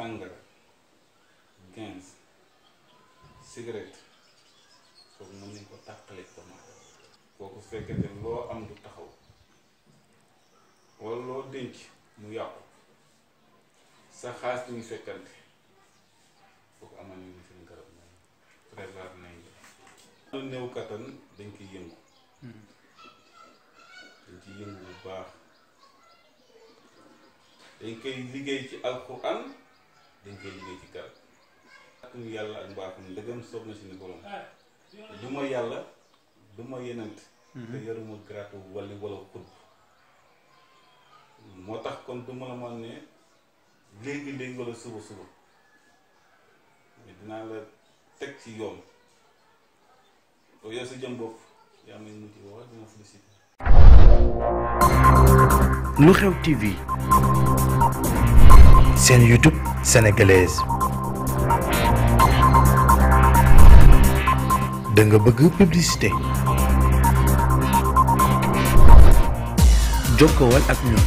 sàngara quinze cigarette kooku mën nañ ko tàqale tomate kooku fekkente loo am du taxaw walla loo dénc mu yàqu sa xaas ñu fekkante kooku amal nañu seen garab nañ prévoir nañ lu néew kattan dañ koy yëngu hmm. dañ ci yëngu bu baax dañ koy liggéey ci alxuraan dañ koy liggéey ci kër akum yàlla ak mbaaxum ndëgam soob na suñu borom du ma yàlla du ma yenant mhm. te yoruma garaatu wali wala xud moo tax kon du ma la mën ne léegi léegi wala suba suba mais dinaa la teg ci yoon yow sa jëm bopp yaa may mujj wax dina félicité lu xew TV seen YouTube sénégalaise da bëgg publicité jokkowal ak ñun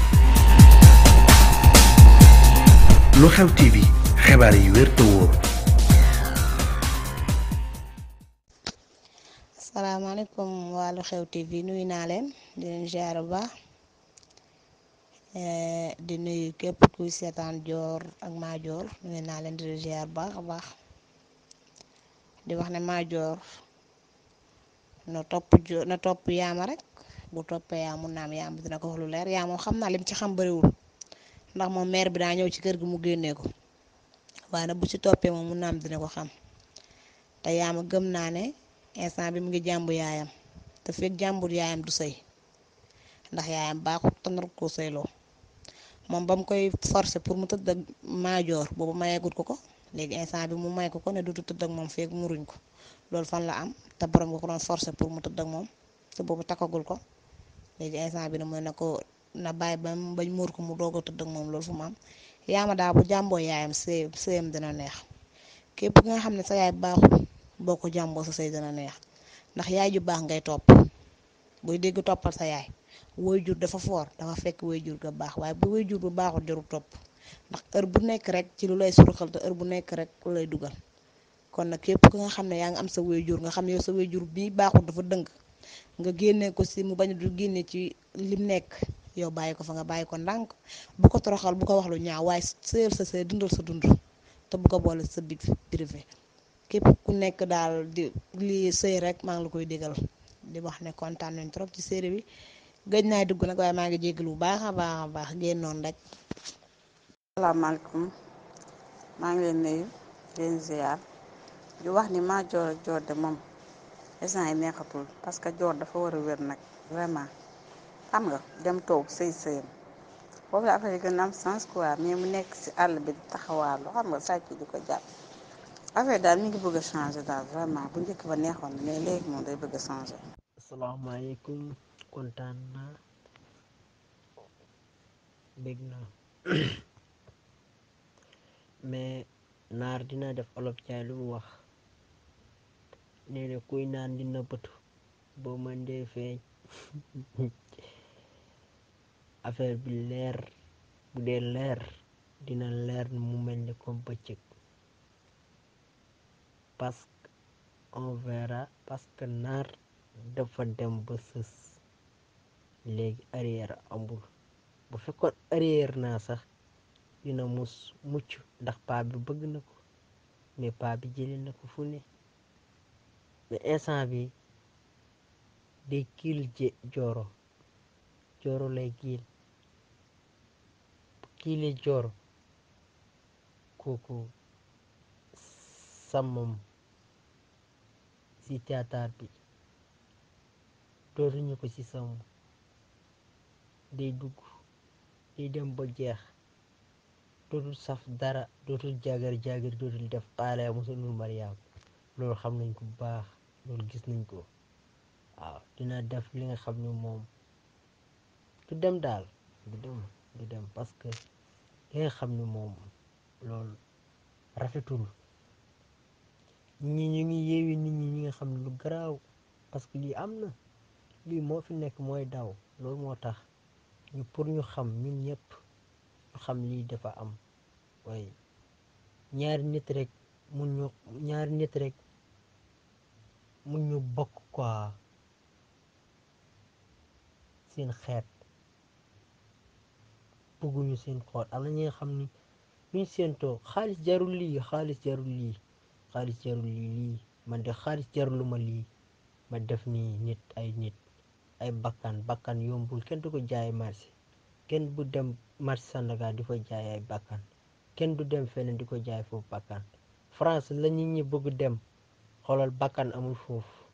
lu xew TV xibaar yi wér te wóor. asalaamaaleykum waa lu xew TV nuyu naa leen di leen ziar Eh, di nuyu képp kuy seetaan joor ak maajoor nuyu naa leen di ziar baax a baax di wax ne maajoor na topp jo na topp yaama rek bu toppee yaa mun naa am yaam leer yaa xam naa lim ci xam bariwul ndax moom bi daa ñëw ci kër gi mu génnee ko waaye nag bu ci toppee moom mun naa am dina ko xam te yaama gëm naa ne instant bi mu ngi jàmbu yaayam te fekk jàmbur yaayam du sëy ndax yaayam baaxut te nar koo sëyloo moom ba mu koy forcer pour mu tëdd ak maajoor boobu mayeegut ko ko léegi instant bi mu may ko ko ne dutu tëdd moom feeg muruñ ko loolu fan la am te borom nga ko doon forcer pour mu tëdd ak moom te boobu takkagul ko léegi instant bi na mooy ne ko na bàyyi ba mu bañ muur ko mu doog a tëdd ak moom loolu fu mu am yaama daa bu jàmboo yaayam sëy sëyam dina neex képp ki nga xam ne sa yaay baaxul boo ko jàmboo sa sëy dina neex ndax yaay ju baax ngay topp buy dégg toppal sa yaay waajur dafa foor dafa fekk waajur ga baax waaye bu waajur bu baaxul jarul topp ndax heure bu nekk rek ci lu lay surxal te heure bu nekk rek lu lay dugal kon nag képp ki nga xam ne yaa ngi am sa waajur nga xam ne yow sa waajur bii baaxul dafa dëng nga génne ko si mu bañ du génne ci lim nekk yow bàyyi ko fa nga bàyyi ko ndànk bu ko toroxal bu ko wax lu ñaaw waaye sëyal sa sëy dundal sa dund te bu ko boole sa bit privé képp ku nekk daal di li sëy rek maa ngi la koy digal di wax ne kontaan nañ trop ci série bi gëj naa dugg nag waaye maa ngi jégalu bu baax a baax a baax noonu rek. salaamaaleykum maa ngi leen nuyu leen ziar wax ni ma joor ak joor de moom instant yi neexatul parce que joor dafa war a wér nag vraiment xam nga dem toog sëy sëyam foofu la affaire yi gën a mais mu nekk si àll bi di taxawaalu xam nga sàcc di ko jàpp affaire daal mi ngi bëgg a changer daal vraiment bu njëkk ba neexoon mais léegi moom day bëgg a changer. salaamaaleykum. kontaan naa naa mais naar dina def olof caay lu mu wax nee kuy naan dina bëtu boo mën dee feeñ affaire bi leer bu dee leer dina leer mu mel ni comme bëccëg parce que on naar dafa dem ba sës léegi arrière amul bu fekkoon arrière naa sax dina mus mucc ndax paa bëgg na ko mais paa bi na ko fu ne mais instant bi day kiil jooro jooro lay kiil bu kiilee jooro kooku sàmmam si théâtre bi dootuñu ko ci sàmm day dugg day dem ba jeex dootul saf dara dootul jagar jaagar dootul def xaala ya musa nur mariam loolu xam nañ ko bu baax loolu gis nañ ko waaw dina def li nga xam ne moom du dem daal du dem du dem parce que li nga xam ne moom loolu rafetul ñi ñu ngi yeewi nit ñi ñi nga xam lu garaaw parce que lii am na lii moo fi nekk mooy daw loolu moo tax ñu pour ñu xam ñun ñëpp ñu xam lii dafa am waaye ñaari nit rek mun ñu ñaari nit rek mun ñu bokk quoi seen xeet bëgguñu seen xool am na ñi xam ni luñ seentoo xaalis lii xaalis jarul lii xaalis jarul lii lii man de xaalis jaruluma lii ma def nii nit ay nit ay bakkan bakkan yombul kenn du ko jaay marché kenn bu dem marché Sandaga di fa jaay ay bakkan kenn du dem feneen di ko jaay foofu bakkan France la ni ñi bëgg dem xoolal bakkan amul foofu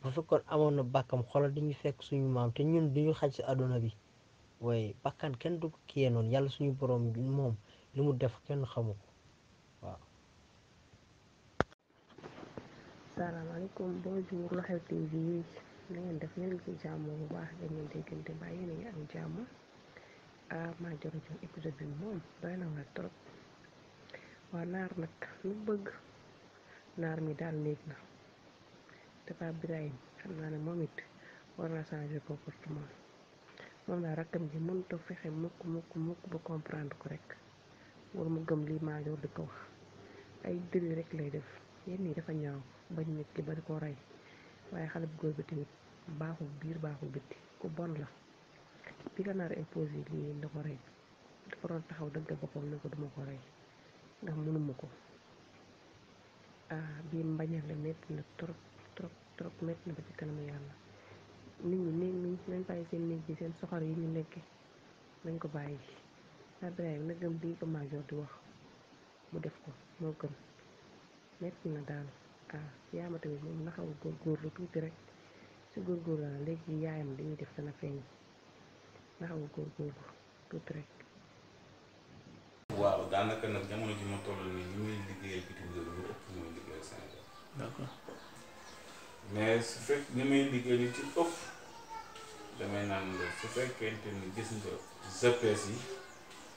bu fekkoon amoon na bakkam xoolal dañuy fekk suñu maam te ñun duñu xaj si àdduna bi waaye bakkan kenn du ko kiyee noonu yàlla suñu borom moom li mu def kenn xamu ko na def yéen ngi jàmm bu baax dañ leen déggante baa yéen a ngi am jàmm maa joxe jox épisode bi moom doy na waar trop waa naar nag lu bëgg naar mi daal néeg na te Pape Birahim xam naa ne moom it war naa changer comportement moom laa rakkam ji mënut fexe mukk mukk mukk ba comprendre ko rek war mu gëm lii maajoor di ko wax ay dëri rek lay def yenn yi dafa ñaaw bañ nit ki ba di ko rey waaye xale bu góor bi tamit baaxul biir baaxul bitti ku bon la bi ko nar a imposé lii na ko rey dafa doon taxaw dëggal boppam ne ko duma ko rey ndax mënuma ko ah bii mbañale métti na trop trop trop métti na ba ci kanamu yàlla nit ñi néeg ñi nañ bàyyi seen néeg yi seen soxor yi ñu nekkee nañ ko bàyyi saa Ibrahima na gëm lii ko major di wax mu def ko moo gën métti na daal ah yaama tamit moom na góor a góorgóorlu tuuti rek si góorgóorlu la léegi yaayam li def dana feeñ na xaw a góorgóorlu tuuti rek. waaw daanaka nag jamono ji toll nii ngi liggéeyal bitim réew ñu ëpp ñu ngi liggéeyal Sénégal. d'accord mais ni may liggéeyal ci ëpp damay naan su fekkente ni gis nga GPS yi.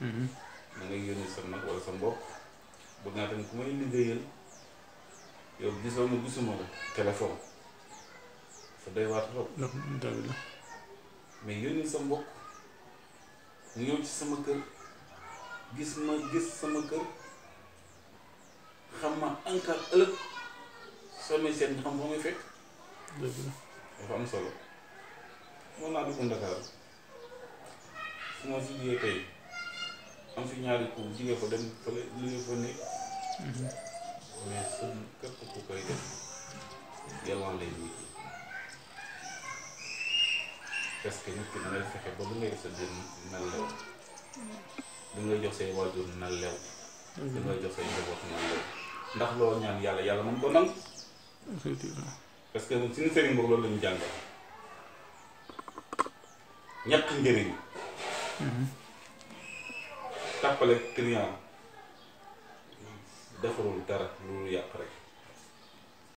Mhm. da ngay sa nag wala sa mbokk bëgg naa tamit ku may liggéeyal. yow gisoo ma gisuma la téléphone dafa doy waar sa mbokk ñëw ci sama kër gis ma gis sama kër xam ma encore ëllëg soo may seet xam fa muy fekk. dafa am solo. mën naa dugg Ndakaar su ma fi jugee tey am fi ñaari ku jugee fa dem fële liggéey fa nekk. Mhm. mais parce que nit ki ngay fexe ba mu ngay sa jën na lew jox say waajur na lew li ngay jox say njaboot na ndax loolu ñaan yàlla yàlla mën ko nangu effectivement parce que suñu sëriñ boobu loolu la jàngal ñett njëriñ mhm. tàppale client defarul dara loolu yàq rek